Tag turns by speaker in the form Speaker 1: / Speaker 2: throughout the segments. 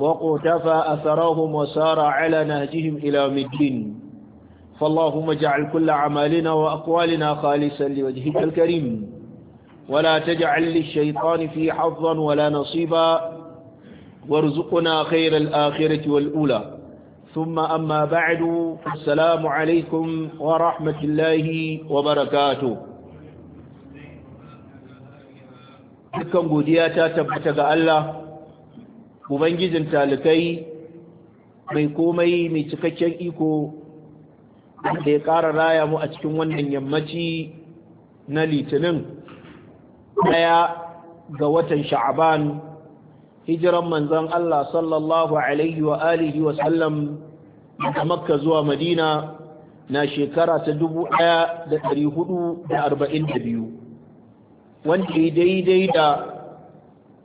Speaker 1: وقتفى أثرهم وسار على نهجهم إلى مدين فاللهم اجعل كل عمالنا وأقوالنا خالصا لوجهك الكريم ولا تجعل للشيطان في حظا ولا نصيبا وارزقنا خير الآخرة والأولى ثم أما بعد السلام عليكم ورحمة الله وبركاته dukkan godiya ta tabbata Allah ubangijin talikai mai komai mai cikakken iko da ya ƙara raya mu a cikin wannan yammaci na litinin ɗaya ga watan sha'aban hijiran manzan Allah sallallahu alaihi wa alihi wa sallam da makka zuwa madina na shekara ta dubu ɗaya da ɗari hudu da arba'in da biyu, wanda daidai da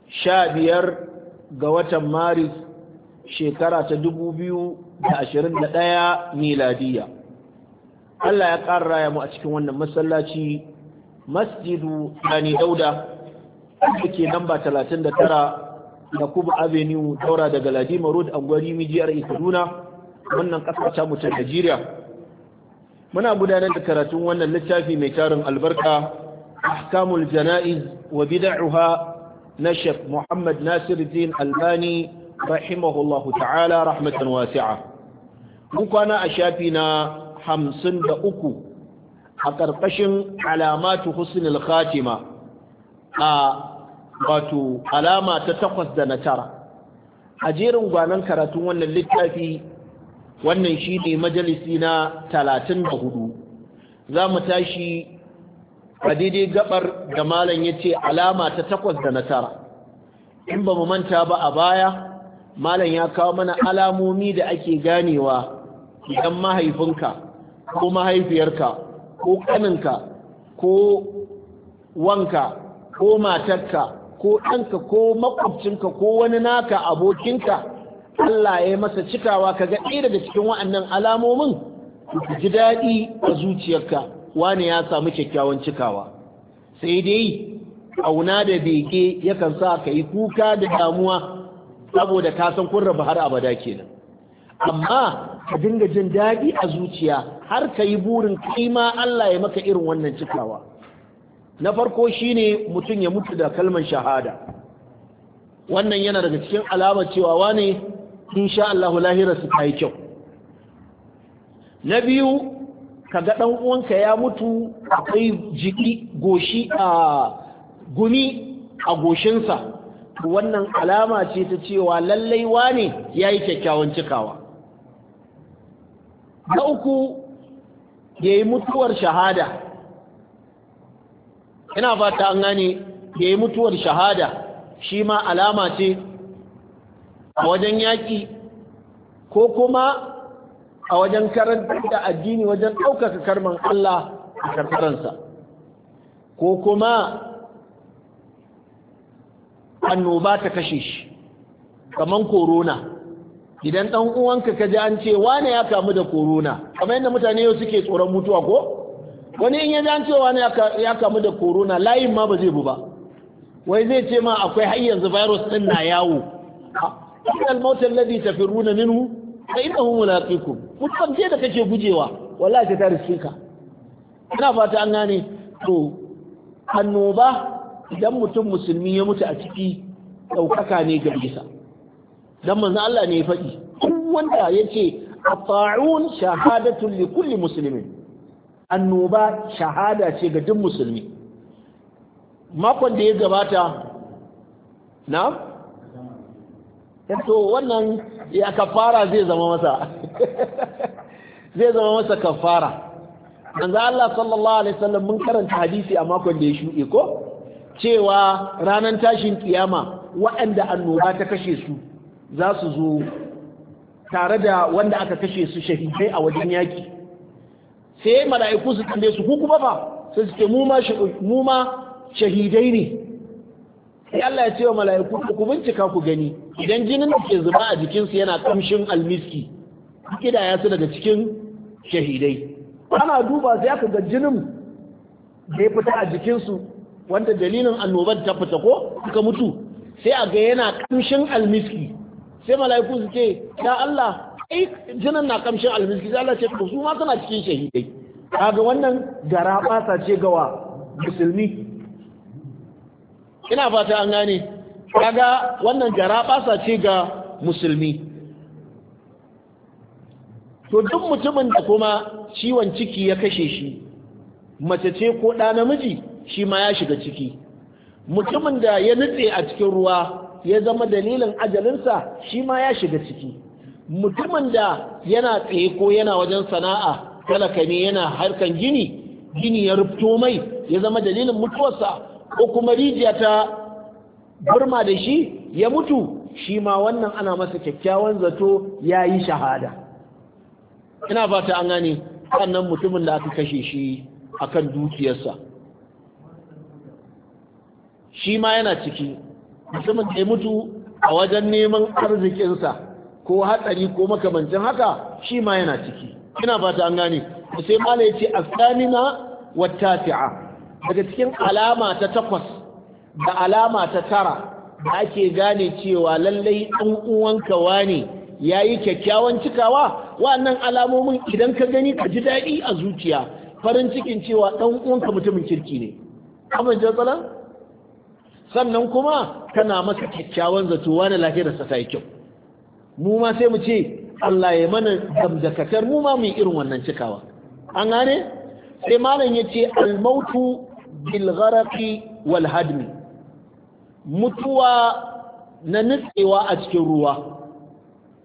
Speaker 1: sha biyar ga watan maris shekara ta 2021 miladiya Allah ya ƙara raya mu a cikin wannan masallaci masjidu Dani Dauda da ke namba 39 da Kubu Avenue daura daga Ladima Road a gwari Mijiyar Kaduna wannan ƙasar ta mutum Najeriya muna gudanar da karatun wannan littafi mai tarin albarka ahkamul jana'iz wa bidauha na Sheikh Muhammad Nasiruddin Albani rahimahullahu ta'ala rahmatan wasi'a mun kwana a shafi na hamsin da uku a ƙarƙashin alamatu husnul khatima a wato alama ta takwas da na tara a jerin gwanon karatun wannan littafi wannan shi ne majalisi na talatin da hudu za mu tashi a daidai gabar da malam ya ce alama ta takwas da nasara. in ba mu manta ba a baya malam ya kawo mana alamomi da ake ganewa idan mahaifinka ko mahaifiyarka ko kaninka ko wanka ko matarka ko ɗanka ko makwabcinka ko wani naka abokinka Allah ya yi masa cikawa ka ga ɗaya daga cikin wa'annan alamomin ku ji daɗi a zuciyarka wane ya samu kyakkyawan cikawa sai dai auna da beke yakan sa ka yi kuka da damuwa saboda ka san kun rabu har abada kenan amma ka dinga jin daɗi a zuciya har ka yi burin kai ma Allah ya maka irin wannan cikawa na farko shine mutum ya mutu da kalmar shahada wannan yana daga cikin alamar cewa wane insha Allahu lahira su ta kyau na biyu Ka ga ɗan uwanka ya mutu akwai jiki goshi a gumi a goshinsa wannan alama ce ta cewa lallai wane yi kyakkyawan cikawa na uku yi mutuwar shahada ina fata an gane yi mutuwar shahada shi ma alama ce a wajen yaƙi ko kuma a wajen karanta addini wajen ɗaukaka karman Allah a karkaransa ko kuma annoba ta kashe shi kaman korona idan ɗan uwanka ka ji an ce wane ya kamu da korona kamar yadda mutane yau suke tsoron mutuwa ko wani in ya an ce wane ya kamu da korona layin ma ba zai bu ba wai zai ce ma akwai har yanzu virus ɗin na yawo al mautar tafi runa minu fa innahu mulaqikum mutum ce da kake gujewa wallahi ta riske ka ina fata an gane to annoba idan mutum musulmi ya mutu a ciki ɗaukaka ne ga bisa dan manzo Allah ne ya faɗi duk wanda yace ata'un shahadatu li kulli muslimin annoba shahada ce ga duk musulmi makon da ya gabata na to oh, wannan ya kafara zai zama masa zai zama masa kafara manzo Allah sallallahu alaihi wasallam mun karanta hadisi a makon da ya shuɗe ko cewa ranan tashin kiyama waɗanda annoba ta kashe su za su zo tare da wanda aka kashe su shahidai a wajen yaki sai mala'iku su tambaye su ku kuma fa sai su ce mu ma shahidai ne sai Allah ya ce wa mala'iku ku bincika ku gani idan jinin da ke zuba a jikinsu yana kamshin almiski kida ya su daga cikin shahidai ana duba sai aka ga jinin da ya fita a jikinsu wanda dalilin annobar ta fita ko suka mutu sai a ga yana kamshin almiski sai mala'iku su ce ya Allah ai jinin na kamshin almiski sai Allah ce su ma suna cikin shahidai kaga wannan gara ce gawa musulmi ina fata an gane kaga wannan jara basa ce ga musulmi to duk mutumin da kuma ciwon ciki ya kashe shi mace ce ko ɗa namiji shi ma ya shiga ciki mutumin da ya nutse a cikin ruwa ya zama dalilin ajalinsa shi ma ya shiga ciki mutumin da yana tsaye ko yana wajen sana'a talaka ne yana harkan gini gini ya rubto mai ya zama dalilin mutuwarsa ko kuma rijiya ta burma da shi ya mutu shi ma wannan ana masa kyakkyawan zato ya yi shahada ina fata an gane sannan mutumin da aka kashe shi akan dukiyarsa shi ma yana ciki mutumin da ya mutu a wajen neman arzikinsa ko hatsari ko makamancin haka shi ma yana ciki ina fata an gane sai mala ya ce tsanina wata fi'a daga cikin alama ta takwas da alama ta tara da ake gane cewa lallai ɗan uwanka wane ya yi kyakkyawan cikawa wa'annan alamomin idan ka gani ka ji daɗi a zuciya farin cikin cewa ɗan uwanka mutumin kirki ne amince tsala sannan kuma kana masa kyakkyawan zato wani sa ta yi kyau mu ma sai mu ce Allah ya mana damdakatar mu ma mu irin wannan cikawa an gane sai malam ya ce almautu bilgaraki walhadmi mutuwa na nutsewa a cikin ruwa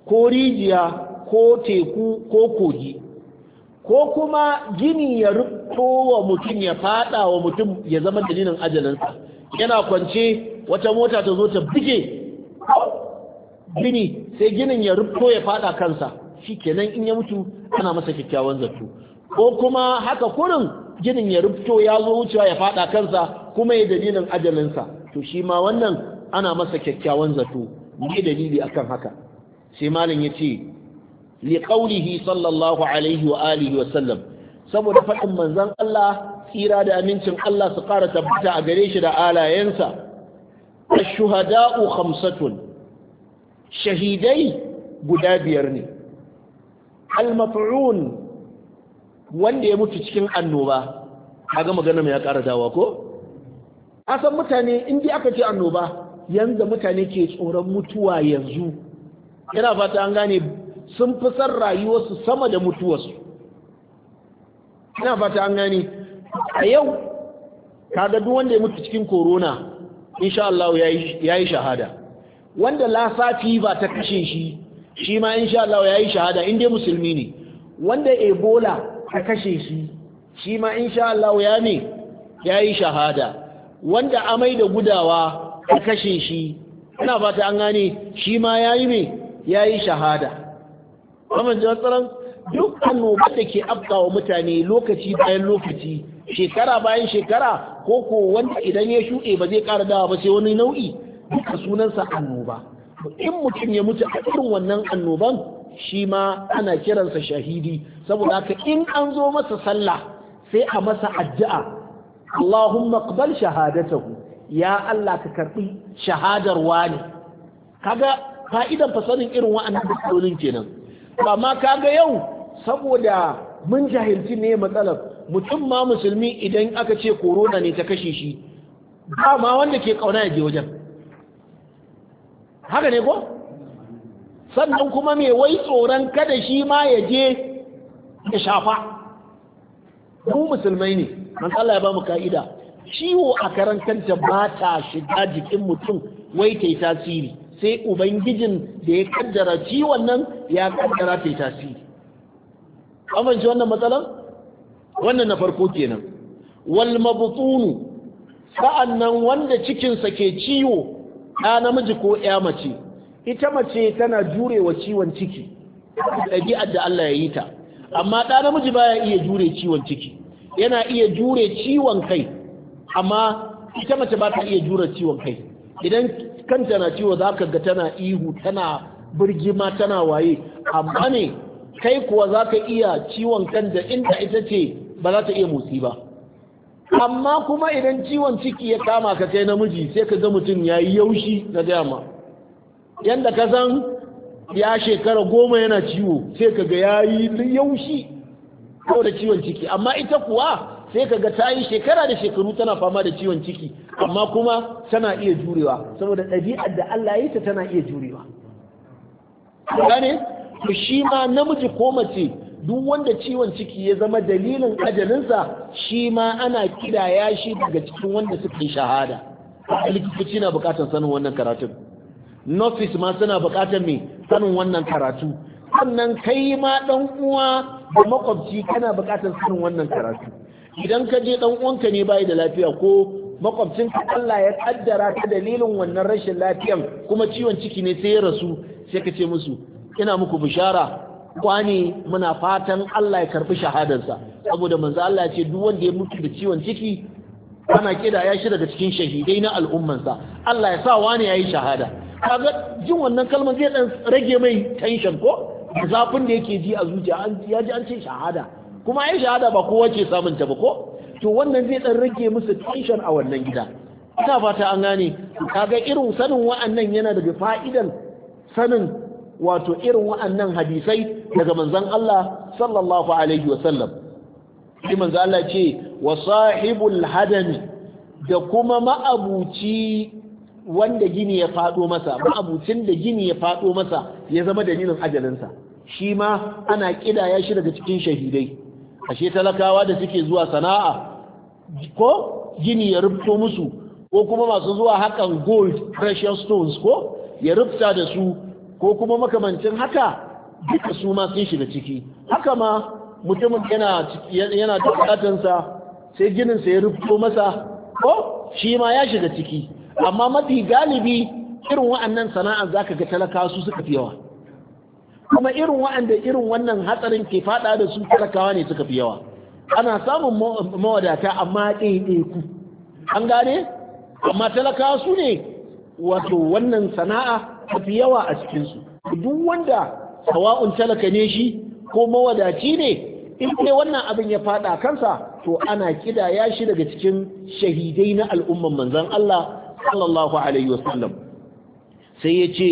Speaker 1: ko rijiya ko teku ko kogi ko kuma gini ya rufo wa mutum ya fada wa mutum ya zama dalilin ajalinsa yana kwance wata mota ta zo ta buge gini sai ginin ya rufo ya fada kansa shi kenan in ya mutu ana masa kyakkyawan zato ko kuma haka kurin jinin ya rubto ya zo wucewa ya fada kansa kuma ya dalilin ajalinsa to shi ma wannan ana masa kyakkyawan zato ne dalili akan haka sai malam yace li qawlihi sallallahu alaihi wa alihi wa sallam saboda faɗin manzon Allah tsira da amincin Allah su ƙara tabbata a gare shi da alayensa ash-shuhada'u khamsatun shahidai guda biyar ne al-maf'un wanda ya mutu cikin annoba kaga magana mai ya ƙara dawa ko san mutane in aka ce annoba yanzu mutane ke tsoron mutuwa yanzu ina fata an gane sun fi san rayuwarsu sama da mutuwarsu ina fata an gane a yau kaga duk wanda ya mutu cikin corona insha Allah ya yi shahada wanda lasafi ba ta kashe shi shi ma insha Allah ya yi shahada inda musulmi ne wanda ebola A kashe shi shi ma insha Allah ya ne ya yi shahada wanda amai da gudawa a kashe shi ina fata an gane shi ma ya yi shahada kuma da tsaron duk annoba da ke afkawa mutane lokaci bayan lokaci shekara bayan shekara ko ko wanda idan ya shuɗe ba zai ƙara dawa ba sai wani nau'i duka sunansa annoba in mutum ya mutu a irin wannan annoban shi ma ana kiransa shahidi saboda haka in an zo masa sallah sai a masa addu'a Allahumma qbal shahadatahu ya Allah ka karbi shahadar wani kaga fa'idan fasalin irin wa'annan matsalolin kenan amma kaga yau saboda mun jahilci ne matsalar mutum ma musulmi idan aka ce korona ne ta kashe shi ba ma wanda ke kauna ya je wajen haka ne ko sannan kuma mai wai tsoron kada shi ma ya je ya shafa mu musulmai ne man Allah ya ba mu ka'ida ciwo a karan kanta ba ta shiga jikin mutum wai ta yi tasiri sai ubangijin da ya kaddara ciwon nan ya kaddara ta yi tasiri an wannan matsalan wannan na farko kenan wal mabutunu sa'annan wanda cikinsa ke ciwo ɗa namiji ko ƴa mace ita mace tana jurewa ciwon ciki ɗabi'ar da Allah ya yi ta amma ɗa namiji baya iya jure ciwon ciki yana iya jure ciwon kai amma ita mace ba ta iya jure ciwon kai idan kanta na ciwo za ka ga tana ihu tana birgima tana waye amma ne kai kuwa za ka iya ciwon kan da inda ita ce ba za ta iya motsi ba amma kuma idan ciwon ciki ya kama ka kai namiji sai ka ga mutum ya yi yaushi na gama yadda ka san ya shekara goma yana ciwo sai ka ga ya yi yaushi ko da ciwon ciki amma ita kuwa sai ka ga ta yi shekara da shekaru tana fama da ciwon ciki amma kuma tana iya jurewa saboda ɗabi'ar da Allah ya yi ta tana iya jurewa gane to shi ma namiji ko mace duk wanda ciwon ciki ya zama dalilin ajalinsa shi ma ana kidaya shi daga cikin wanda suka yi shahada likitoci na bukatar sanin wannan karatun nurses ma suna buƙatar me sanin wannan karatu sannan kai ma dan uwa da makwabci kana buƙatar sanin wannan karatu idan ka je dan uwanka ne bai da lafiya ko makwabcin ka Allah ya kaddara ta dalilin wannan rashin lafiyan kuma ciwon ciki ne sai ya rasu sai ka ce musu ina muku bishara kwani muna fatan Allah ya karbi shahadarsa saboda manzo Allah ya ce duk wanda ya mutu da ciwon ciki ana kida ya shi daga cikin shahidai na al'ummansa Allah ya sa wani yi shahada kaga jin wannan kalmar zai dan rage mai tension ko zafin da yake ji a zuciya ya ji an ce shahada kuma ai shahada ba kowa ce samun ta ba ko to wannan zai dan rage musu tension a wannan gida ina fata an gane kaga irin sanin wa'annan yana daga fa'idan sanin wato irin wa'annan hadisai daga manzon Allah sallallahu alaihi wa sallam shi manzon Allah ce wa sahibul hadani da kuma ma'abuci wanda gini ya faɗo masa ma'abucin da gini ya faɗo masa ya zama dalilin ajalinsa shi ma ana ƙidaya shi daga cikin shahidai ashe talakawa da suke zuwa sana'a ko gini ya rufto musu ko kuma masu zuwa hakan gold precious stones ko ya rubuta da su ko kuma makamancin haka duka su ma sun shiga ciki haka ma mutumin yana yana da sai ginin sa ya rufto masa ko shi ma ya shiga ciki amma mafi galibi irin wa'annan sana'ar zaka ga talakawa su suka fi yawa kuma irin wa'anda irin wannan hatsarin ke fada da su talakawa ne suka fi yawa ana samun mawadata amma ɗaiɗaiku an gane amma talakawa su ne wato wannan sana'a fi yawa a cikinsu duk wanda sawa'un talaka ne shi ko mawadaci ne in dai wannan abin ya fada kansa to ana kidaya shi daga cikin shahidai na al'umman manzon Allah sallallahu alaihi wasallam sai ya ce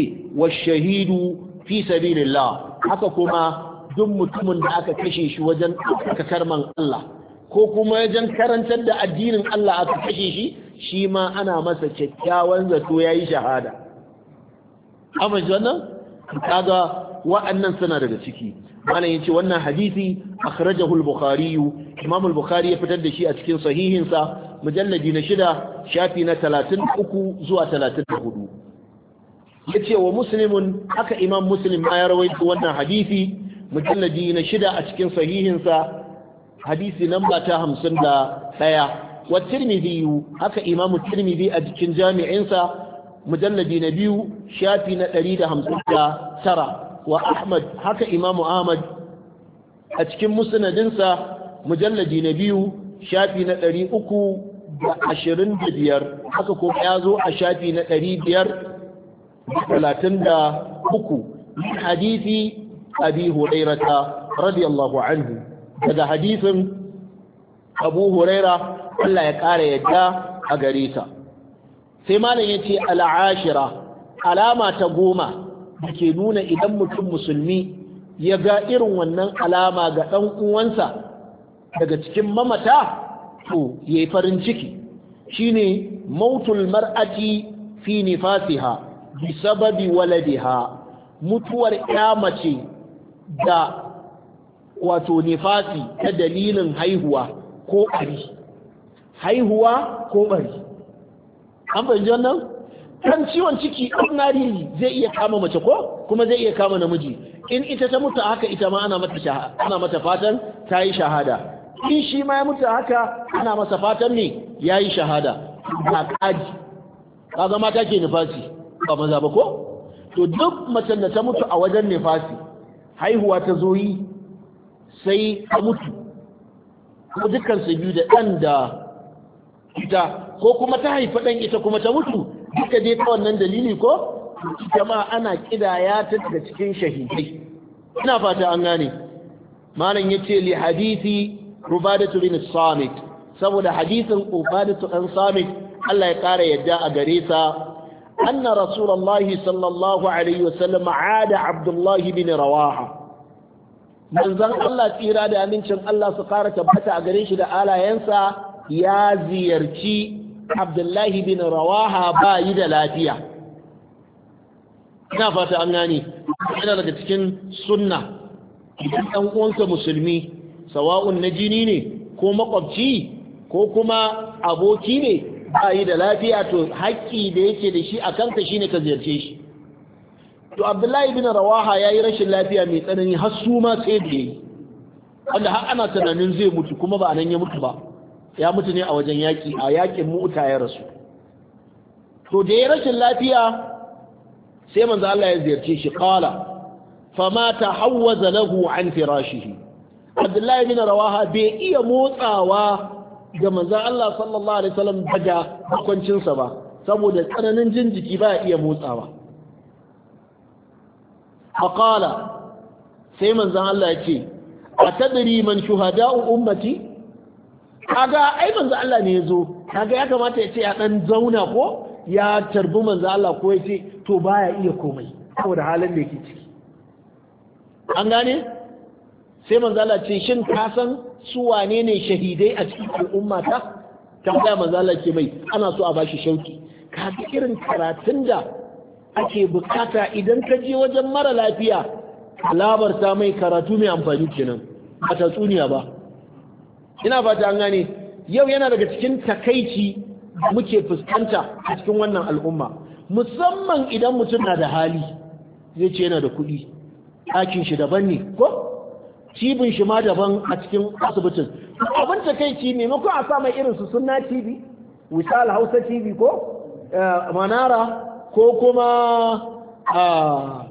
Speaker 1: shahidu fi sabilillah haka kuma duk mutumin da aka kashe shi wajen karman Allah ko kuma wajen karantar da addinin Allah aka kashe shi shi ma ana masa kyakkyawan zato yayi shahada amma wannan kaga wa'annan suna daga ciki malam yace wannan hadisi akhrajahu al-bukhari imam al-bukhari ya fitar da shi a cikin sahihin sa mujalladi na shida shafi na 33 zuwa 34 yace wa muslimun haka imam muslim ma ya rawaito wannan hadisi mujalladi na shida a cikin sahihin sa hadisi namba ta 51 wa tirmidhi haka imam tirmidhi a cikin jami'in sa mujalladi na biyu shafi na 159 wa ahmad haka imamu ahmad a cikin musnadinsa mujalladi na biyu shafi na ɗari uku da ashirin da biyar haka kuma ya zo a shafi na ɗari biyar da talatin da uku min hadithi abi hurairata radiyallahu anhu daga hadithin abu huraira Allah ya ƙara yadda a gare ta sai malam ya ce al'ashira alama ta goma da ke nuna idan mutum musulmi ya ga irin wannan alama ga ɗan uwansa daga cikin mamata to ya yi farin ciki shine mautul mar'ati fi nifasiha bi sababi waladiha mutuwar ya mace da wato nifasi ta dalilin haihuwa ko ɓari haihuwa ko ɓari an fahimci wannan kan ciwon ciki ordinary zai iya kama mace ko kuma zai iya kama namiji in ita ta mutu haka ita ma ana mata fatan ta yi shahada in shi ma ya mutu haka ana masa fatan ne ya yi shahada ba kaji ka zama ta ke nifasi ba maza ba ko to duk macen da ta mutu a wajen nifasi haihuwa ta zo yi sai ta mutu ko dukkan su biyu da ɗan da ita ko kuma ta haifa ɗan ita kuma ta mutu duka dai ta wannan dalili ko jama'a ana kidaya ta daga cikin shahidai ina fata an gane malam yace li hadisi ubadatu bin samit saboda hadisin ubadatu dan samit Allah ya kara yadda a gare sa anna rasulullahi sallallahu alaihi wasallam aada abdullah bin rawaha manzon Allah tsira da amincin Allah su kara tabbata a gare shi da alayensa ya ziyarci abdullahi bin rawaha ba yi da lafiya ina fata an gani. yana daga cikin sunna idan ɗan uwansa musulmi sawa'un na jini ne ko makwabci ko kuma aboki ne ba yi da lafiya to haƙƙi da yake da shi a kanka ne ka ziyarce shi to abdullahi bin rawaha ya yi rashin lafiya mai tsanani har su ma sai da yi wanda har ana tunanin zai mutu kuma ba nan ya mutu ba ya mutu ne a wajen yaƙi a yaƙin mu'uta ya rasu to da ya rashin lafiya sai manzo Allah ya ziyarce shi qala fama tahawwaza lahu an firashihi Abdullahi bin Rawaha bai iya motsawa ga manzo Allah sallallahu alaihi wasallam daga kwancinsa ba saboda tsananin jin jiki ba iya motsawa faqala sai manzo Allah ya ce atadri man shuhada'u ummati kaga ai manzo Allah ne ya zo kaga ya kamata ya ce ya dan zauna ko ya tarbi manzo Allah ko ya ce to baya iya komai saboda halin da yake ciki an gane sai manzo Allah ce shin ka san su wane ne shahidai a cikin al'umma ta tambaya manzo Allah ke mai ana so a bashi shauki kaga irin karatun da ake bukata idan ka je wajen mara lafiya labarta mai karatu mai amfani kenan ba tatsuniya ba ina fata an gane yau yana daga cikin takaici muke fuskanta a cikin wannan al'umma musamman idan mutum na da hali zai ce yana da kuɗi ɗakin shi daban ne ko cibin shi ma daban a cikin asibitin abin takaici maimakon a sa irin su sunna tv wisal hausa tv ko eh, manara ko kuma ah,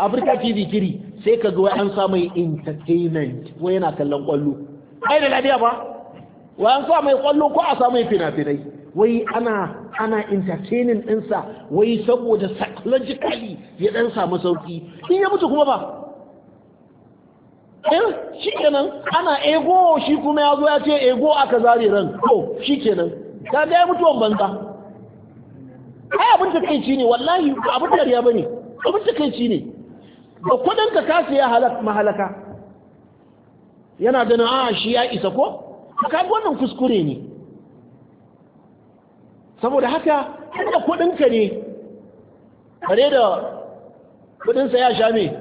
Speaker 1: afirka tv kiri sai ka ga an samun entertainment ko yana kallon kwallo ai da lafiya ba wa an sa mai kwallo ko a sa mai fina-finai wai ana ana entertaining ɗinsa wai saboda psychologically ya ɗan samu sauki in ya mutu kuma ba eh shi kenan ana ego shi kuma ya zo ya ce ego aka zare ran to shi kenan ta ga ya mutuwan banza ai abin ta kai ne wallahi abin da ya bane abin ta kai ne da kudin ka kasa ya halaka mahalaka yana ganin a ah, shi ya isa ko kaga wannan kuskure ne saboda haka inda kudinka ne kare da kudinsa ya sha me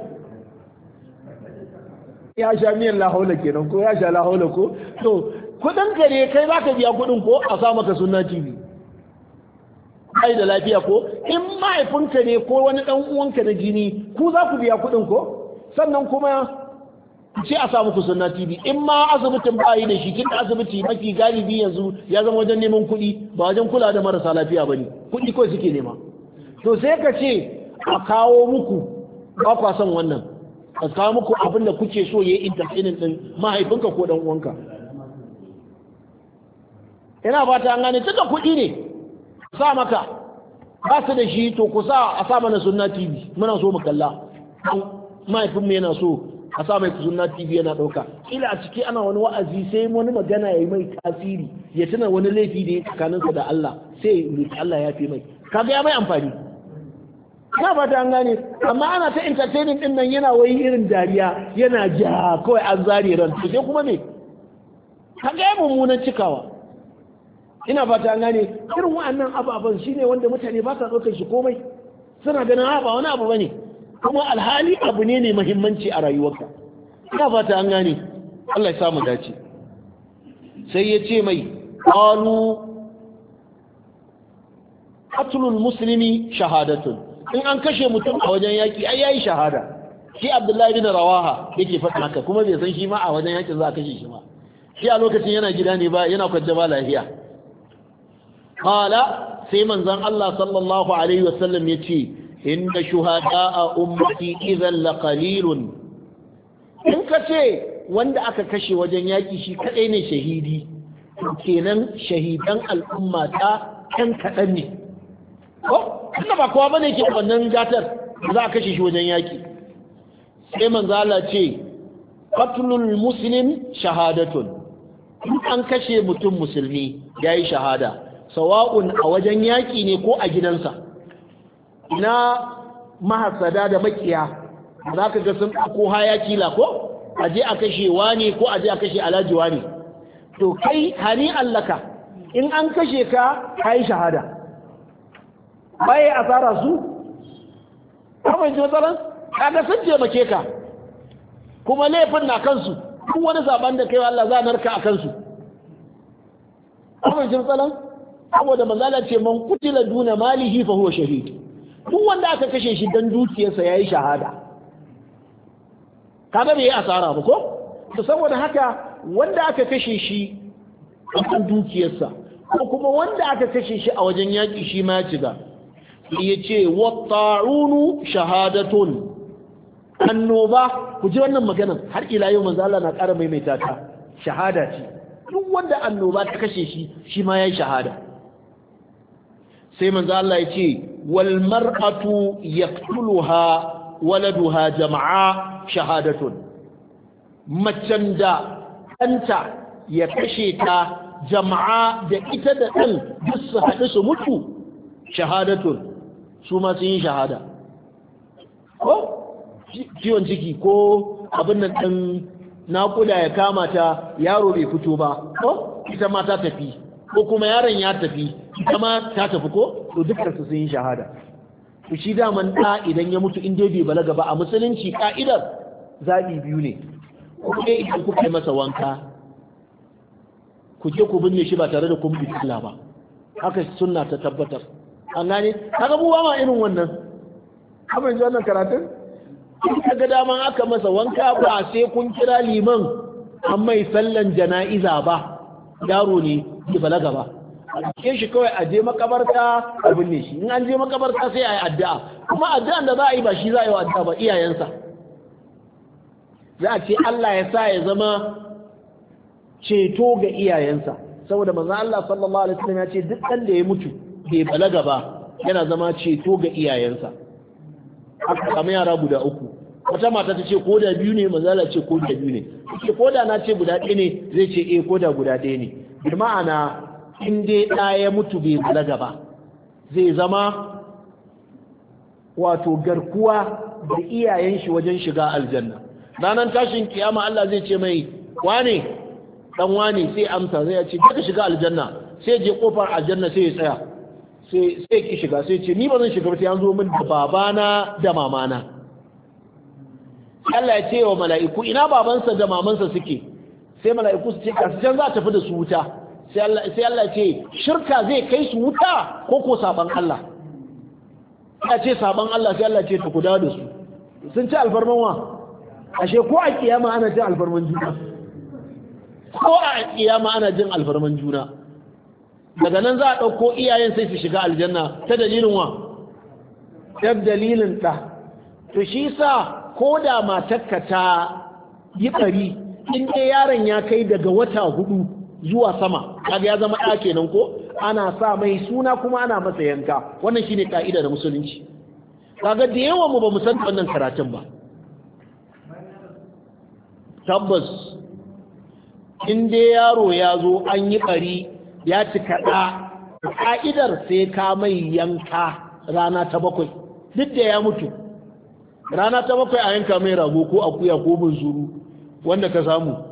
Speaker 1: ya sha miyan lahaula kenan ko ya sha lahaula ko to kudinka ne kai za ka biya kudin ko a sa maka suna tv kai da lafiya ko in mahaifinka ne ko wani dan uwanka na jini ku za ku biya kudin ko sannan kuma sai a samu ku sunna tv in ma asibitin ba yi da shi kin asibiti mafi galibi yanzu ya zama wajen neman kuɗi ba wajen kula da marasa lafiya bane kuɗi kawai suke nema to sai ka ce a kawo muku ba kwa son wannan a kawo muku abin da kuke so yayi entertaining din mahaifinka ko dan uwanka ina fata an gane duka kuɗi ne sa maka ba su da shi to ku sa a sa mana sunna tv muna so mu kalla mahaifinmu yana so a sa mai sunna tv yana ɗauka kila a ciki ana wani wa'azi sai wani magana ya yi mai tasiri ya tuna wani laifi da ya tsakaninsa da Allah sai Allah ya fi mai kaga ya mai amfani Ina fata an gane amma ana ta entertaining din nan yana wai irin dariya yana ja kawai an zari ran to sai kuma me kaga ya mummunan cikawa ina fata an gane irin wa'annan ababen shine wanda mutane ba sa ɗaukar shi komai suna ganin ah, ba wani abu bane kuma alhali abu ne ne muhimmanci a rayuwarka ina fata an gane Allah ya samu dace sai ya ce mai qalu qatlul muslimi shahadatun in an kashe mutum a wajen yaki ai yayi shahada shi Abdullahi bin Rawaha yake faɗa haka kuma bai san shi ma a wajen yakin za a kashe shi ma shi a lokacin yana gida ne ba yana kwaje ba lafiya qala sai manzon Allah sallallahu alaihi wasallam ya ce inda a ummati idan la in ka ce wanda aka kashe wajen yaƙi shi kaɗai ne shahidi kenan shahidan al'umma ta ɗan kaɗan ne ko inda ba kowa bane ke wannan gatar za a kashe shi wajen yaƙi sai manzala ce qatlul muslim shahadatun in an kashe mutum musulmi ya yi shahada sawa'un a wajen yaƙi ne ko a gidansa ina mahasada da makiya za ka ga sun ko hayaki la ko a je a kashe wani ko a je a kashe alhaji wani to kai hani allaka in an kashe ka kai shahada baye asara su kawai ji matsalan kaga sun taimake ka kuma laifin na kansu duk wani zaben da kai Allah za narka a kansu kawai ji matsalan saboda manzala ce man kutila duna malihi fa huwa shahidi duk wanda aka kashe shi don dukiyarsa ya yi shahada kaga bai yi asara ba ko to saboda haka wanda aka kashe shi a kan dukiyarsa ko kuma wanda aka kashe shi a wajen yaƙi shi ma ciga ya ce wata'unu shahadatun annoba ku ji wannan maganan har ila yau manzo Allah na ƙara maimaita ta shahada ce duk wanda annoba ta kashe shi shi ma ya yi shahada sai manzo Allah ya ce walmaratu ya tuluha waladuha jama'a shahadatun macen da ɗanta ya kashe ta jama'a da ita da ɗan duk su haɗu su mutu shahadatun su masu yin shahada ko ciwon ciki ko abin ɗan ɗin naƙuda ya kama ta yaro bai fito ba ko ita ma ta tafi ko kuma yaron ya tafi ita ta tafi ko to dukkan su sun yi shahada to shi daman da idan ya mutu in dai bai balaga ba a musulunci ka'idar zabi biyu ne ko dai idan kuka yi masa wanka ku je ku binne shi ba tare da kun bi ba haka sunna ta tabbatar an gane kaga mu ba ma irin wannan kamar yanzu wannan karatun in ka ga dama aka masa wanka ba sai kun kira liman an mai sallan jana'iza ba yaro ne ki balaga ba ake ke shi kawai a je makabarta a binne shi in an je makabarta sai a yi addu'a kuma addu'an da za a yi ba shi za a yi wa addu'a ba iyayensa za a ce Allah ya sa ya zama ceto ga iyayensa saboda manzo Allah sallallahu alaihi wasallam ya ce duk dan da ya mutu bai balaga ba yana zama ceto ga iyayensa aka kama yara guda uku wata mata ta ce ko da biyu ne manzo Allah ce ko da biyu ne ko da na ce guda ɗaya ne zai ce eh ko da guda ɗaya ne bi ma'ana in dai ɗa ya mutu bai kula gaba zai zama wato garkuwa da iyayen shi wajen shiga aljanna ranar tashin kiyama Allah zai ce mai wane dan wane sai amsa zai ce ka shiga aljanna sai je kofar aljanna sai ya tsaya sai sai ki shiga sai ce ni ba zan shiga ba sai an zo min da babana da mamana Allah ya ce wa mala'iku ina babansa da mamansa suke sai mala'iku su ce ka can za ta fi da su wuta sai Allah ce shirka zai kai su wuta ko ko saban Allah ya ce saban Allah sai Allah ce ta kuda da su sun ci alfarman wa ashe ko a kiyama ana jin alfarman juna ko a kiyama ana jin alfarman juna daga nan za a ɗauko iyayen sai su shiga aljanna ta dalilin wa ɗan dalilin ɗa to shi sa ko da matakka ta yi ɓari in dai yaron ya kai daga wata hudu zuwa sama kaga ya zama ɗa kenan ko ana sa mai suna kuma ana masa yanka wannan shine ka'ida da musulunci kaga da yawa mu ba mu san wannan karatun ba tabbas in dai yaro ya zo an yi ƙari ya ci kaɗa. ka'idar sai ka mai yanka rana ta bakwai duk da ya mutu rana ta bakwai a yanka mai rago ko akuya ko bunzuru wanda ka samu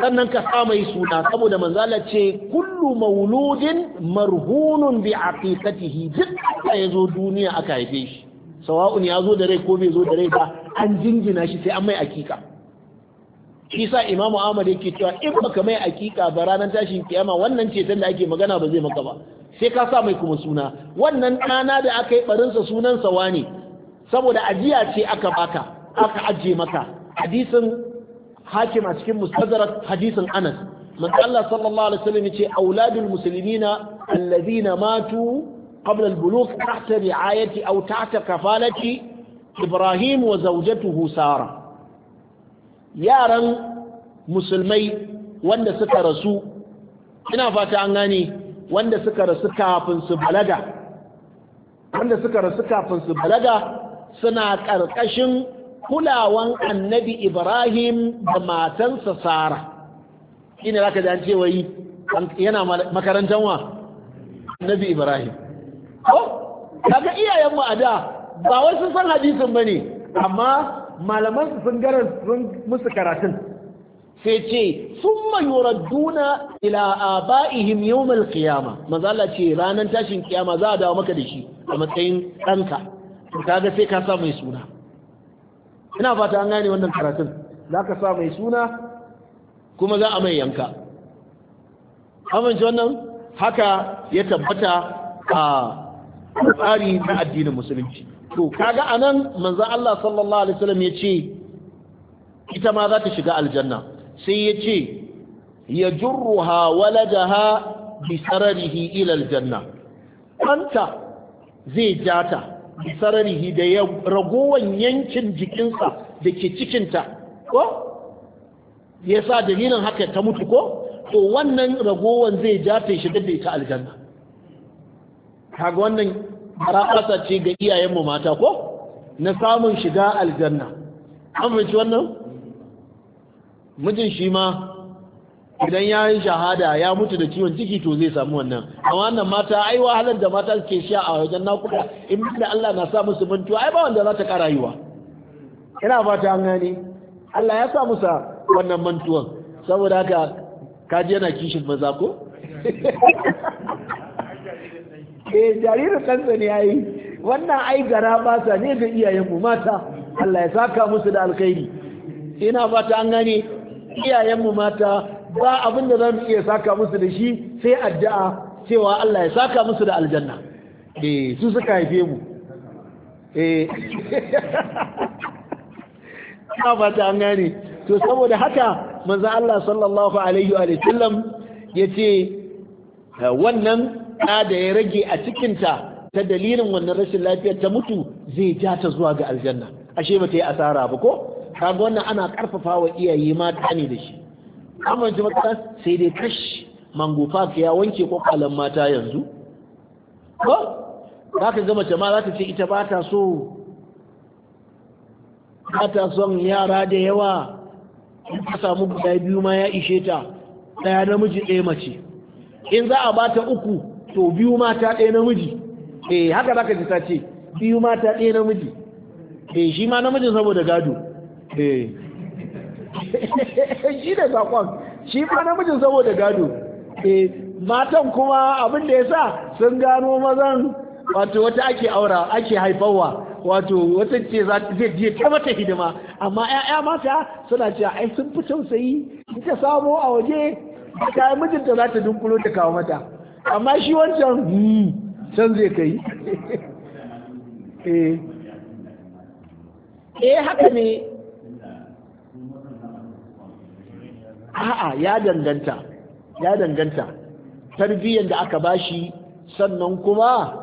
Speaker 1: sannan ka sa mai suna saboda manzala ce kullu mauludin marhunun bi aqiqatihi duk ya zo duniya aka haife shi sawa'un ya zo da rai ko bai zo da rai ba an jinjina shi sai an mai akika shi sa imamu ahmad yake cewa in baka mai akika ba ranar tashin kiyama wannan ceton da ake magana ba zai maka ba sai ka sa mai kuma suna wannan ɗana da aka yi barinsa sunansa wane saboda ajiya ce aka baka aka ajiye maka hadisin hakim a cikin mustadrak hadisin anas man Allah sallallahu alaihi wasallam yace auladul muslimina alladhina matu qabla al-bulugh tahta ri'ayati aw tahta kafalati ibrahim wa zawjatuhu sara yaran musulmai wanda suka rasu ina fata an gane rasu kafin su balaga wanda suka rasu kafin su balaga suna ƙarƙashin kulawan annabi ibrahim da matansa sara shi ne zaka an cewa yana makarantar wa annabi ibrahim ko kaga iyayen mu a da ba wasu san hadisin bane amma malaman su sun gara sun musu karatun sai ce summa yuradduna ila abaihim yawm qiyama manzo Allah ce ranar tashin kiyama za a dawo maka da shi a matsayin ɗanka kaga sai ka sa mai suna ina fata an gane wannan karatun za ka sa mai suna kuma za a mai yanka amince wannan haka ya tabbata a tsari na addinin musulunci to kaga anan manzo Allah sallallahu alaihi wasallam ya ce ita ma za ta shiga aljanna sai ya ce ya jurruha waladaha bi sararihi ila aljanna anta zai jata sararihi da ya ragowar yankin jikinsa da ke cikinta ko ya sa dalilin haka ta mutu ko to wannan ragowar zai ja shi da ita aljanna kaga wannan bara'asa ce ga iyayenmu mata ko na samun shiga aljanna an fahimci wannan mijin shi ma idan ya yi shahada ya mutu da ciwon ciki to zai samu wannan amma wannan mata ai wahalar da mata ke sha a wajen nakuda in da Allah na sa musu mantuwa ai ba wanda za ta kara yiwa ina fata an gani. Allah ya sa musa wannan mantuwan saboda haka kaji yana kishin maza ko eh jaririn kansa ne yayi wannan ai gara ba sa ne ga iyayenmu mata Allah ya saka musu da alkhairi ina fata an iyayen iyayenmu mata ba abin da za mu iya saka musu da shi sai addu'a cewa Allah ya saka musu da aljanna eh su suka haife mu eh ba ba ta gane to saboda haka manzo Allah sallallahu alaihi wa sallam yace wannan da da ya rage a cikinta ta dalilin wannan rashin lafiyar ta mutu zai ja ta zuwa ga aljanna ashe ba ta yi asara ba ko kaga wannan ana karfafa wa iyaye mata ne da shi amma ji matsalan sai dai kash mango park ya wanke kwakwalan mata yanzu ko za ka gama jama'a za ta ce ita ba ta so ba ta son yara da yawa in ka samu guda biyu ma ya ishe ta Daya namiji ɗaya mace in za a ba ta uku to biyu mata ɗaya namiji eh haka za ka ji ta ce biyu mata ɗaya namiji eh shi ma namijin saboda gado eh shi da sakon shi ma namijin saboda gado eh, matan kuma abin da ya sa sun gano mazan wato wata ake aura ake haifarwa wato wata ce za ta mata hidima amma 'ya'ya mata suna a ai sun fi tausayi ita samo a waje ta mijinta za ta dunkulo ta kawo mata amma shi wancan hmm, can zai kai eh. eh haka ne a'a ya danganta ya danganta tarbiyyar da aka bashi sannan kuma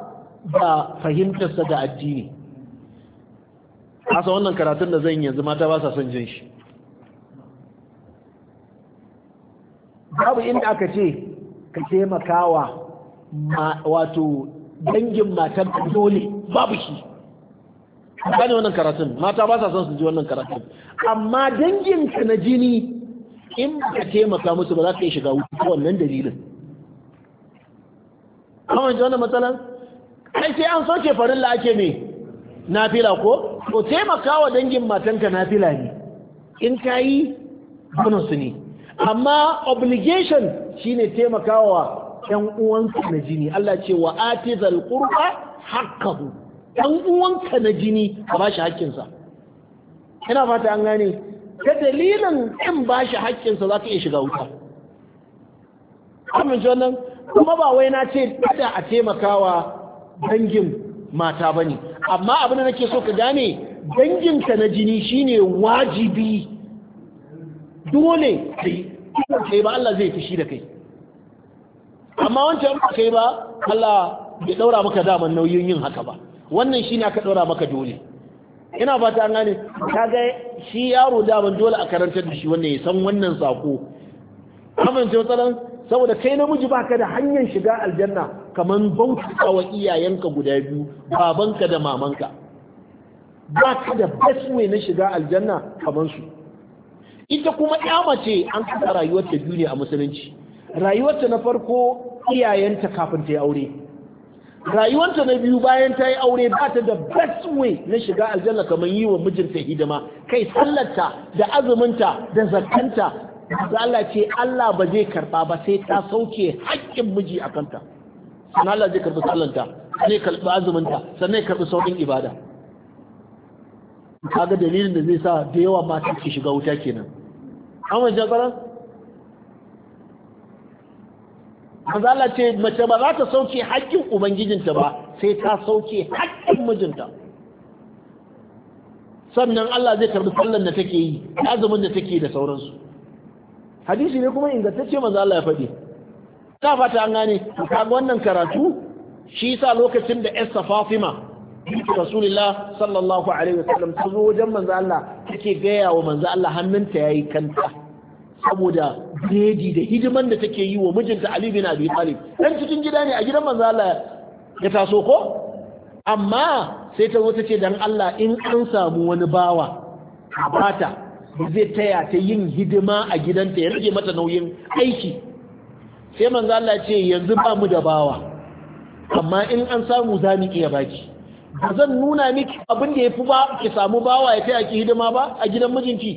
Speaker 1: da fahimtarsa da addini asa wannan karatun da zan yanzu mata ba sa son jin shi babu inda aka ce ka taimakawa wato dangin matan dole babu shi gane wannan karatun mata ba sa son su ji wannan karatun amma danginka na jini in ka taimaka musu ba za ka iya shiga ko wannan dalilin kawai ji wannan matsalan ai sai an soke farin la ake na nafila ko to taimaka wa dangin matanka nafila ne in ka yi su ne amma obligation shine taimakawa ‘yan uwanka na jini Allah ce wa ati zalƙurba haƙƙahu ‘yan uwanka na jini ka ba shi haƙƙinsa ina fata an gane ta dalilin in ba shi haƙƙinsa za ka iya shiga wuta amince wannan kuma ba wai na ce kada a taimakawa dangin mata ba ne amma abin da nake so ka gane danginka na jini shine wajibi dole ka yi kai ba Allah zai fushi da kai amma wancan ba kai ba Allah bai ɗaura maka daman nauyin yin haka ba wannan shi ne aka ɗaura maka dole ina ba ta gane ga shi yaro ban dole a karantar da shi wannan ya san wannan sako amince matsalan saboda kai namiji baka da hanyar shiga aljanna kaman bauta wa iyayenka guda biyu babanka da mamanka baka da best way na shiga aljanna kaman su ita kuma ya mace an kasa rayuwar ta biyu ne a musulunci rayuwarta na farko iyayenta kafin ta yi aure rayuwarta na biyu bayan ta yi aure ba ta da best way na shiga aljanna kamar yi wa mijinta hidima kai sallarta da azuminta da zakanta da Allah ce Allah ba zai karba ba sai ta sauke haƙƙin miji a kanta sannan Allah zai karbi sallarta sannan karbi azuminta sannan karbi saukin ibada kaga dalilin da zai sa da yawa mata ke shiga wuta kenan an wajen manzo ce mace ba za ta sauke haƙƙin ubangijinta ba sai ta sauke haƙƙin mijinta sannan Allah zai karbi sallan da take yi azumin da take da sauransu hadisi ne kuma ingantacce ce Allah ya faɗi ta fata an gane kaga wannan karatu shi sa lokacin da Esther Fatima Rasulullah sallallahu alaihi wasallam ta zo wajen manzo Allah take gaya wa manzo Allah hannunta yayi kanta saboda biredi da hidiman da take yi wa mijinta Ali bin Abi Talib dan cikin gida ne a gidan manzo Allah ya taso ko amma sai ta zo ta ce dan Allah in an samu wani bawa a bata zai taya ta yin hidima a gidanta ya rage mata nauyin aiki sai manzo Allah ce yanzu ba mu da bawa amma in an samu za mu iya baki ba zan nuna miki abin da yafi ba ki samu bawa ya taya ki hidima ba a gidan mijinki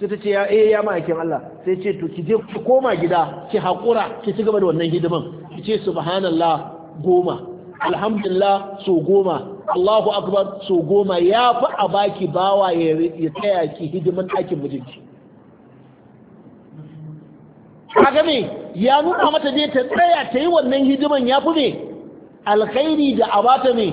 Speaker 1: sai ta ce ya eh ya ma'aikin Allah sai ce to ki je ki koma gida ki haƙura ki ci gaba da wannan hidiman ki ce subhanallah goma alhamdulillah so goma Allahu akbar so goma ya fi a baki bawa ya tsaya ki hidiman ɗakin mijinki kaga me ya nuna mata dai ta tsaya ta yi wannan hidiman ya fi me alkhairi da abata me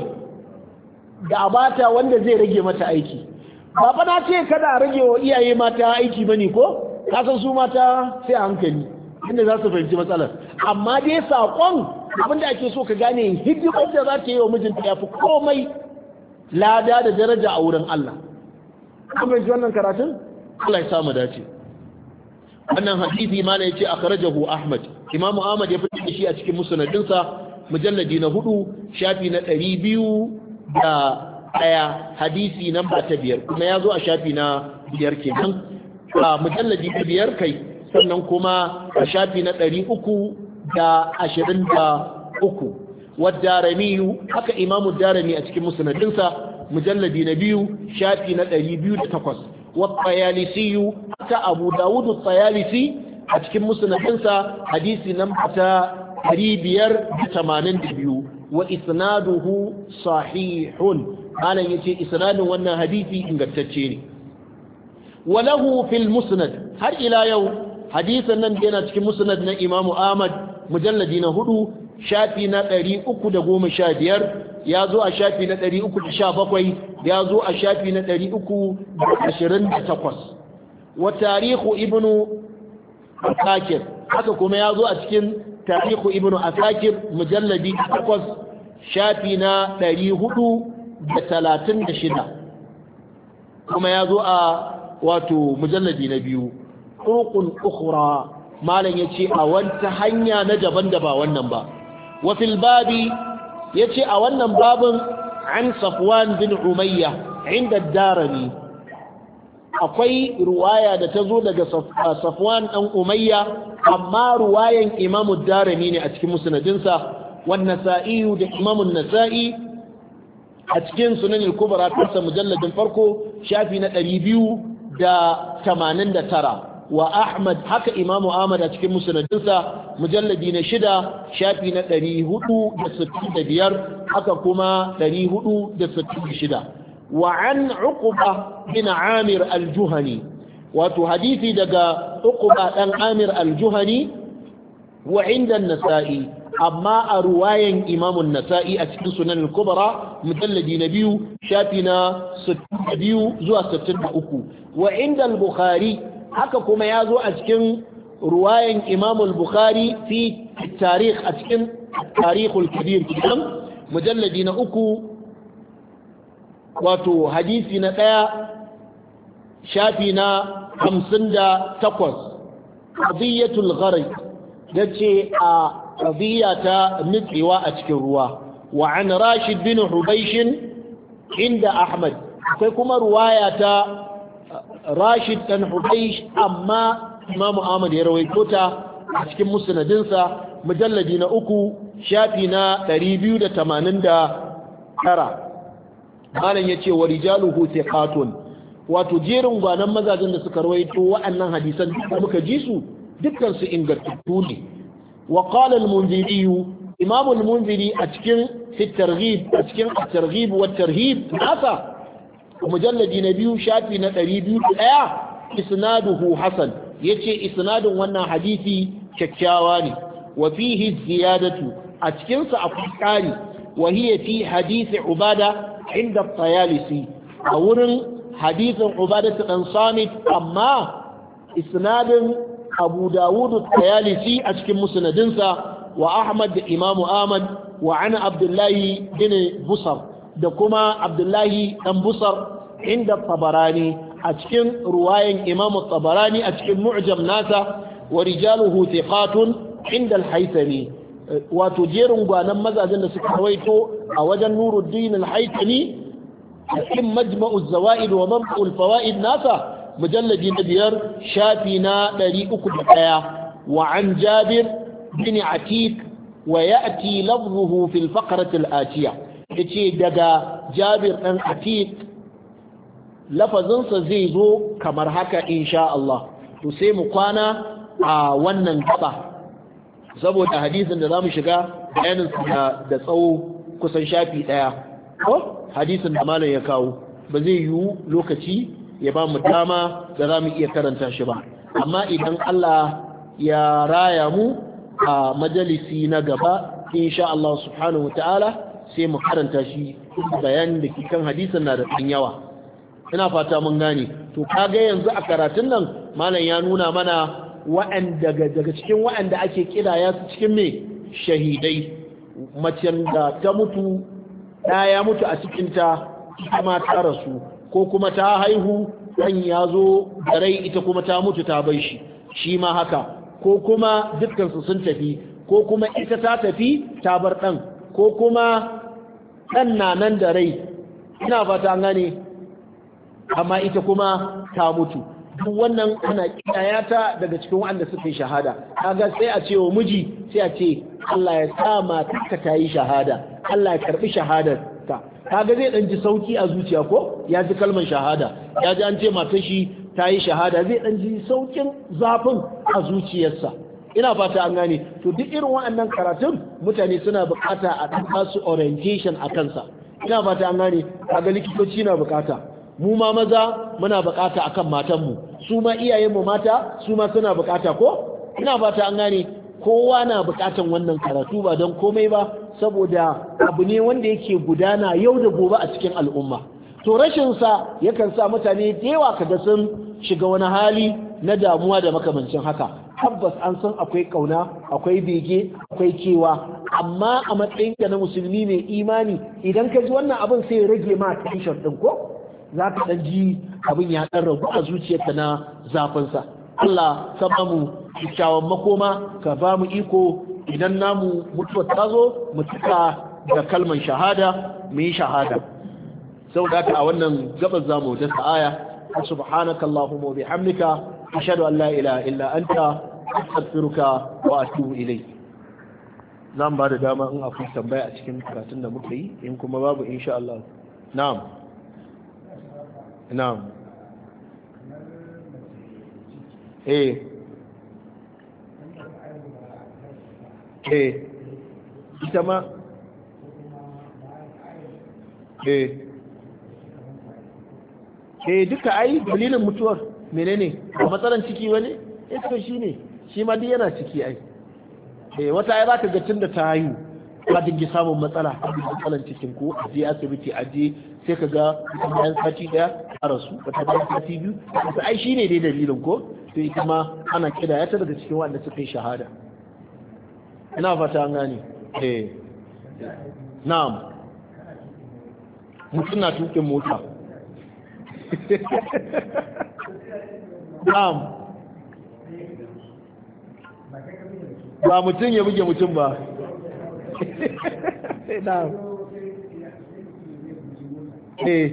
Speaker 1: da abata wanda zai rage mata aiki ba fa na ce kada a rage wa iyaye mata aiki ba ne ko kasan su mata sai a hankali inda za su fahimci matsalar amma dai saƙon abinda ake so ka gane hidimar da za ta yi wa mijinta ya fi komai lada da daraja a wurin Allah an ji wannan karatun Allah ya samu dace wannan hadisi ma ne yace akhrajahu Ahmad Imam Ahmad ya fitar shi a cikin musnadinsa mujalladi na hudu, shafi na ɗari biyu da ɗaya hadisi nan ba ta biyar kuma ya zo a shafi na biyar ke nan a mujallabi ta biyar kai sannan kuma a shafi na ɗari uku da ashirin da uku wadda ramiyu haka imamu darami a cikin musnadinsa mujallabi na biyu shafi na ɗari biyu da takwas Abu a cikin حتى hadisi داود الطيالسي أتكم مسنة تنسى حديث نمحة قريبير بثمانين دبيو وإسناده صحيح malam ya ce isnadin wannan hadisi ingantacce ne walahu fil musnad har ila yau hadisan nan yana cikin musnad na imamu ahmad mujalladi na hudu shafi na ɗari uku da goma sha biyar ya zo a shafi na ɗari uku da sha bakwai ya zo a shafi na ɗari uku da ashirin da takwas wa tarihu ibnu asakir haka kuma ya zo a cikin tarihu ibnu asakir mujalladi takwas shafi na ɗari hudu da talatin da shida kuma ya zo a wato mujalladi na biyu ƙoƙun ukura malam ya ce a wata hanya na daban da ba wannan ba wafil babi ya ce a wannan babin an safwan bin umayya inda darani akwai ruwaya da ta zo daga safuwan ɗan umayya amma ruwayan imamu darani ne a cikin musnadinsa wannan sa'iyu da imamun nasa'i a cikin sunanin kubra tasa mujalladin farko shafi na ɗari biyu da da tamanin tara wa ahmad haka imamu ahmad a cikin musnadinsa mujalladi na shida shafi na ɗari da da sittin biyar haka kuma ɗari da da sittin shida wa an uqba bin amir al-juhani wato hadisi daga uqba dan amir al-juhani wa inda an-nasa'i amma a ruwayan imamun nasa'i a cikin sunan al-kubra mujalladi na biyu shafi na 62 zuwa 63 wa inda al-bukhari haka kuma ya zo a cikin ruwayan imam al-bukhari fi tarikh a cikin tarihul kabir kidan mujalladi na uku wato hadisi na daya shafi na 58 qadiyatul gharq yace a qadiya ta a cikin ruwa wa rashid bin hubaishin inda ahmad sai kuma ruwaya ta uh, rashid Ɗan hubaish amma imamu ahmad ya rawaito ta a cikin musnadinsa mujalladi na uku shafi na da da tara. malam ya yace wa rijaluhu thiqatun wato jerin gwanan mazajen da suka rawaito wa'annan hadisan da muka ji su dukkan su ingantattu ne wa qala al-munziri imamu al-munziri a cikin fitarghib a cikin at-targhib wa tarhib nasa mujalladi na biyu shafi na ɗaya isnaduhu hasan yace isnadin wannan hadisi kyakkyawa ne wa fihi ziyadatu a cikinsa akwai kari wa hiya fi hadisi ubada inda at-tayalisi a wurin hadisin ubada dan samit amma isnadin abu dawud tayalisi a cikin musnadinsa وأحمد إمام آمد وعن عبد الله بن بصر دكما عبد الله بن بصر عند الطبراني أتكن رواية إمام الطبراني أتكن معجم ناسا ورجاله ثقات عند الحيثمي وتجيرن غانن مزاجن suka rawaito a wajen Nuruddin al-Haytami cikin Majma'u zawaid wa Mab'u al-Fawaid nasa mujalladi na biyar shafi na 301 wa an Jabir bin atik wa ya'ti lafzuhu fil faqrati atiya yace daga Jabir dan Atik lafazinsa zai zo kamar haka insha Allah to sai mu kwana a wannan gaba saboda hadisin da zamu shiga bayanin da tsawo kusan shafi daya ko hadisin da malam ya kawo ba zai yiwu lokaci ya ba mu dama da za mu iya karanta shi ba amma idan Allah ya raya mu a majalisi na gaba insha Allah subhanahu ta'ala sai mu karanta shi bayanin da kan hadisan na da ɗan yawa ina fata mun gane to kaga yanzu a karatun nan malam ya nuna mana wa'anda daga cikin wa'anda ake ya su cikin me shahidai mace da ta mutu da ya mutu a cikin ta kuma ta rasu ko kuma ta haihu dan ya zo da rai ita kuma ta mutu ta bai shi shi ma haka ko kuma dukkan su sun tafi ko kuma ita ta tafi ta bar ɗan ko kuma ɗan na nan da rai ina fata gane amma ita kuma ta mutu duk wannan ana kiyaya ta daga cikin waɗanda suka yi shahada kaga sai a ce wa miji sai a ce Allah ya sa mata ta yi shahada Allah ya karbi shahadar ta kaga zai dan ji sauki a zuciya ko ya ji kalmar shahada ya ji an ce matar shi ta yi shahada zai ɗan ji saukin zafin a zuciyarsa ina fata an gane to duk irin waɗannan karatun mutane suna bukata a ɗan su orientation a kansa ina fata an gane kaga likitoci na bukata mu ma maza muna bukata akan matanmu su ma iyayenmu mata su ma suna bukata ko ina fata an gane kowa na bukatan wannan karatu ba don komai ba saboda abu ne wanda yake gudana yau da gobe a cikin al'umma to rashin sa yakan sa mutane da yawa kaga sun shiga wani hali na damuwa da makamancin haka tabbas an san akwai kauna akwai bege akwai kewa amma a matsayin ka na musulmi mai imani idan ka ji wannan abin sai ya rage ma tension din ko za ka dan ji abin ya dan ragu a zuciyarka na zafin sa Allah ka ba mu kyakkyawan makoma ka ba mu iko idan namu mutuwar ta zo mu tuka da kalmar shahada mu yi shahada saboda a wannan gabar zamu da aya subhanaka allahumma wa bihamdika ashhadu an la ilaha illa anta astaghfiruka wa ba da dama in akwai tambaya a cikin karatun da muka in kuma babu insha Allah eh duka ai dalilin mutuwar menene a matsalan ciki wani eh to shine shi ma duk yana ciki ai eh wata ai zaka ga tunda ta haihu ba dinga samun matsala a matsalan cikin ko a je asibiti a je sai ka ga bayan sati daya a rasu wata bayan sati biyu to ai ne dai dalilin ko to ita ma ana kida ya ta daga cikin wanda suka yi shahada
Speaker 2: ina fata an gane
Speaker 1: eh na'am mutum na tuƙin mota ba mutum ya buge mutum ba eh.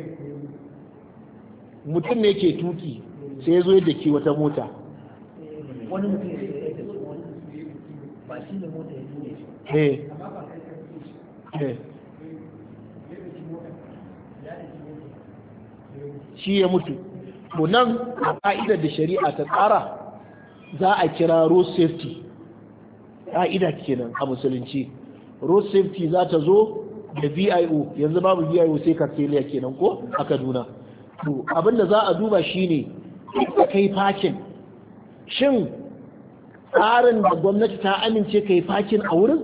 Speaker 1: mutum ne ke tuki sai zo da ke wata mota wani mutum ya ba shi mota ya shi ya mutu to nan a ka'idar da shari'a ta tsara za a kira road safety ka'ida kenan a musulunci road safety za ta zo da VIO yanzu babu VIO sai ka Castelia kenan ko a Kaduna to abin da za a duba shi shine kai fakin shin tsarin da gwamnati ta amince kai fakin a wurin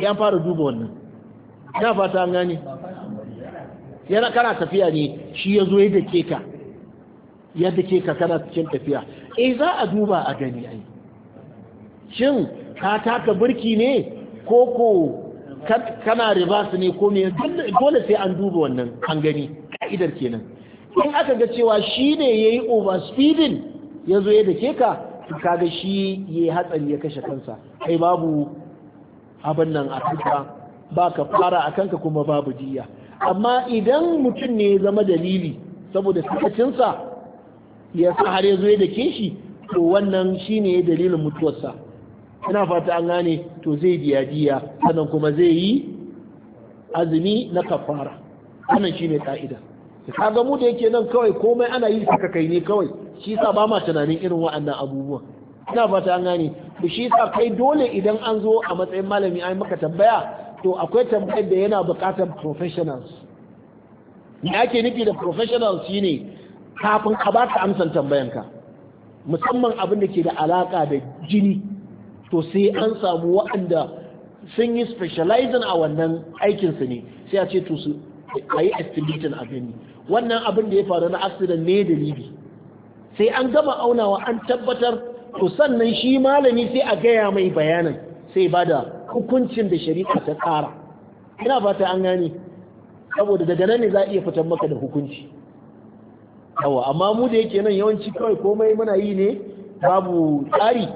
Speaker 1: ya fara duba wannan ya fata an gane yana kana tafiya ne shi ya zo yadda ke ka yadda ke ka kana cikin tafiya E za a duba a gani ai shin ka taka birki ne ko ko kana su ne ko ne dole sai an duba wannan an gani ka'idar kenan in aka ga cewa shi ne ya yi overspeeding ya zo yadda ke ka kaga shi ya yi hatsari ya kashe kansa kai babu abin nan a kanka ba ka fara a kanka kuma babu jiya. amma idan mutum ne ya zama dalili saboda sakacinsa ya sa har ya zo ya dake shi to wannan shi ne dalilin mutuwarsa ina fata an gane to zai biya diya sannan kuma zai yi azumi na kafara wannan ne ka'ida kaga mu da yake nan kawai komai ana yi saka kai ne kawai shi sa ba ma tunanin irin waɗannan abubuwa ina fata an gane to shi sa kai dole idan an zo a matsayin malami ai maka tambaya to akwai tambayar da yana bukatar professionals ne ake nufi da professionals ne kafin a baka amsan tambayanka musamman abin da ke da alaka da jini to sai an samu waɗanda sun yi specializing a wannan aikinsu ne sai a ce to su a yi estimating a gani wannan abin da ya faru na accident ne libi sai an gama aunawa an tabbatar to sannan shi malami sai a gaya mai bayanin sai bada. hukuncin da shari'a ta tsara ina fata an gane saboda daga nan ne za a iya fitar maka da hukunci yawa amma mu da yake nan yawanci kawai komai muna yi ne babu tsari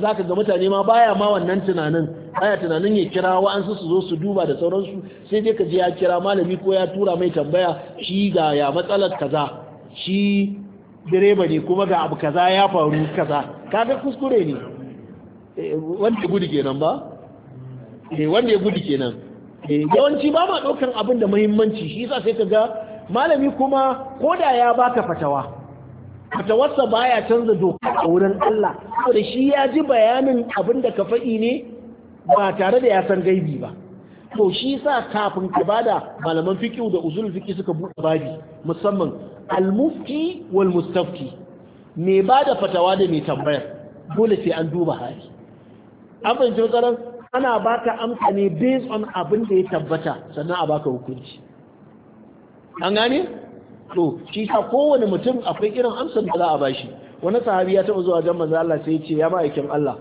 Speaker 1: za ka ga mutane ma baya ma wannan tunanin baya tunanin ya kira wa'ansu su zo su duba da sauransu sai dai ka je ya kira malami ko ya tura mai tambaya shi ga ya matsalar kaza shi direba ne kuma ga abu kaza ya faru kaza kaga kuskure ne eh, wanda gudu kenan ba eh wanda ya gudu kenan eh, yawanci ba ma daukan abin da muhimmanci shi yasa sai ga. malami kuma koda ya baka fatawa fatawarsa baya canza doka a wurin Allah saboda shi ya ji bayanin abin da ka faɗi ne ba tare da ya san gaibi ba to shi yasa kafin ka bada malaman fiqh da usul fiqh suka buɗe babi musamman al-mufti wal mustafti me bada fatawa da mai tambayar dole sai an duba hali an fahimci matsalar ana baka amsa ne based on abin da ya tabbata sannan a baka hukunci an gane to shi sa kowane mutum akwai irin amsar da za a bashi wani sahabi ya taɓa zuwa jan manzo Allah sai ya ce ya ma'aikin Allah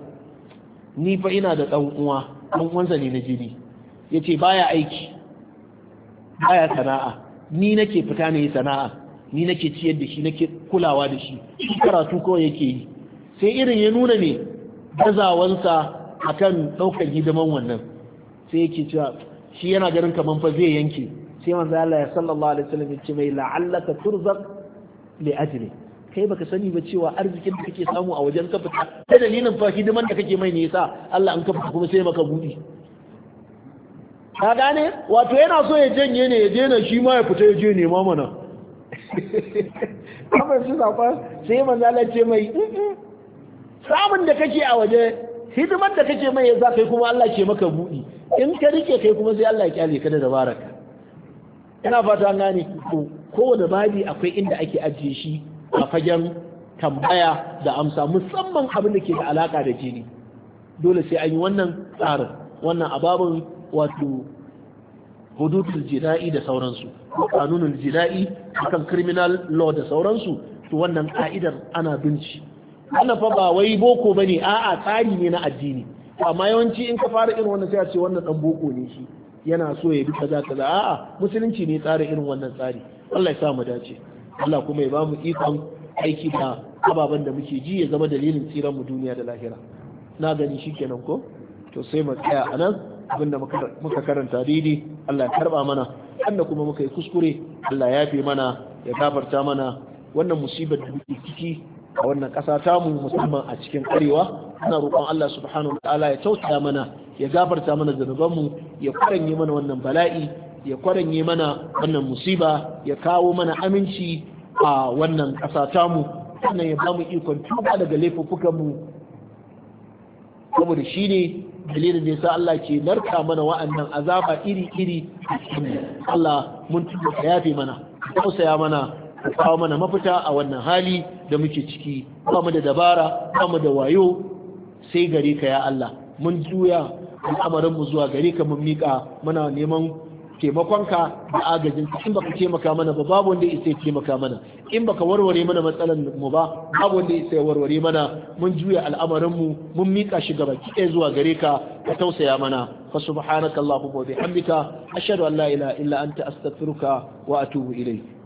Speaker 1: ni fa ina da dan uwa dan uwansa ne na jini yace baya aiki baya sana'a ni nake fita ne sana'a ni nake ciyar da shi nake kulawa da shi shi karatu kawai yake yi sai irin ya nuna ne gazawansa akan ɗaukar hidiman wannan sai yake cewa shi yana ganin kaman fa zai yanke sai manzo Allah ya sallallahu alaihi wasallam yace mai la'allaka turzaq li ajli kai baka sani ba cewa arzikin da kake samu a wajen kafa ta dalilin fa hidiman da kake mai ne Allah an kafa kuma sai maka budi ka gane wato yana so ya janye ne ya je shi ma ya fita ya je nema mana kamar su zafa sai manzo Allah ce mai samun da kake a waje hidimar da kake mai za kai kuma Allah ke maka buɗi in ka rike kai kuma sai Allah ya kyale ka da dabaraka ina fata an gane kowane babi akwai inda ake ajiye shi a fagen tambaya da amsa musamman abin da ke da alaka da jini dole sai an yi wannan tsarin wannan ababin wato hududul jina'i da sauransu ko kanunul jina'i akan criminal law da sauransu to wannan ka'idar ana binci Hannafa ba wai boko ba ne. a'a tsari ne na addini amma yawanci in ka fara irin wannan sai a ce wannan dan boko ne shi yana so ya bi kaza kaza a'a musulunci ne tsara irin wannan tsari Allah ya sa mu dace Allah kuma ya ba mu ikon aiki da ababen da muke ji ya zama dalilin tsiran mu duniya da lahira na gani shikenan ko to sai mu tsaya anan abinda muka karanta daidai Allah ya karba mana wanda kuma muka yi kuskure Allah ya fi mana ya gafarta mana wannan musibar da muke ciki a wannan ƙasa mu musamman a cikin arewa ana roƙon Allah subhanahu ta'ala ya tausaya mana ya gafarta mana mu, ya kwaranye mana wannan bala'i ya kwaranye mana wannan musiba ya kawo mana aminci a wannan ƙasa tamu sannan ya bamu ikon tuba daga mu. saboda shi ne dalilin da yasa Allah ke narka mana wa'annan azaba iri-iri Allah mun tuba ka yafe mana tausaya mana ka kawo mana mafita a wannan hali da muke ciki ba mu da dabara ba mu da wayo sai gare ka ya Allah mun juya al'amarin mu zuwa gare ka mun mika muna neman taimakonka da agajin in baka taimaka mana ba babu wanda isa taimaka mana in baka warware mana matsalan mu ba babu wanda isa warware mana mun juya al'amarin mu mun mika shi gaba kike zuwa gare ka ka tausaya mana fa subhanakallahumma wa bihamdika ashhadu an la ilaha illa anta astaghfiruka wa atubu ilayk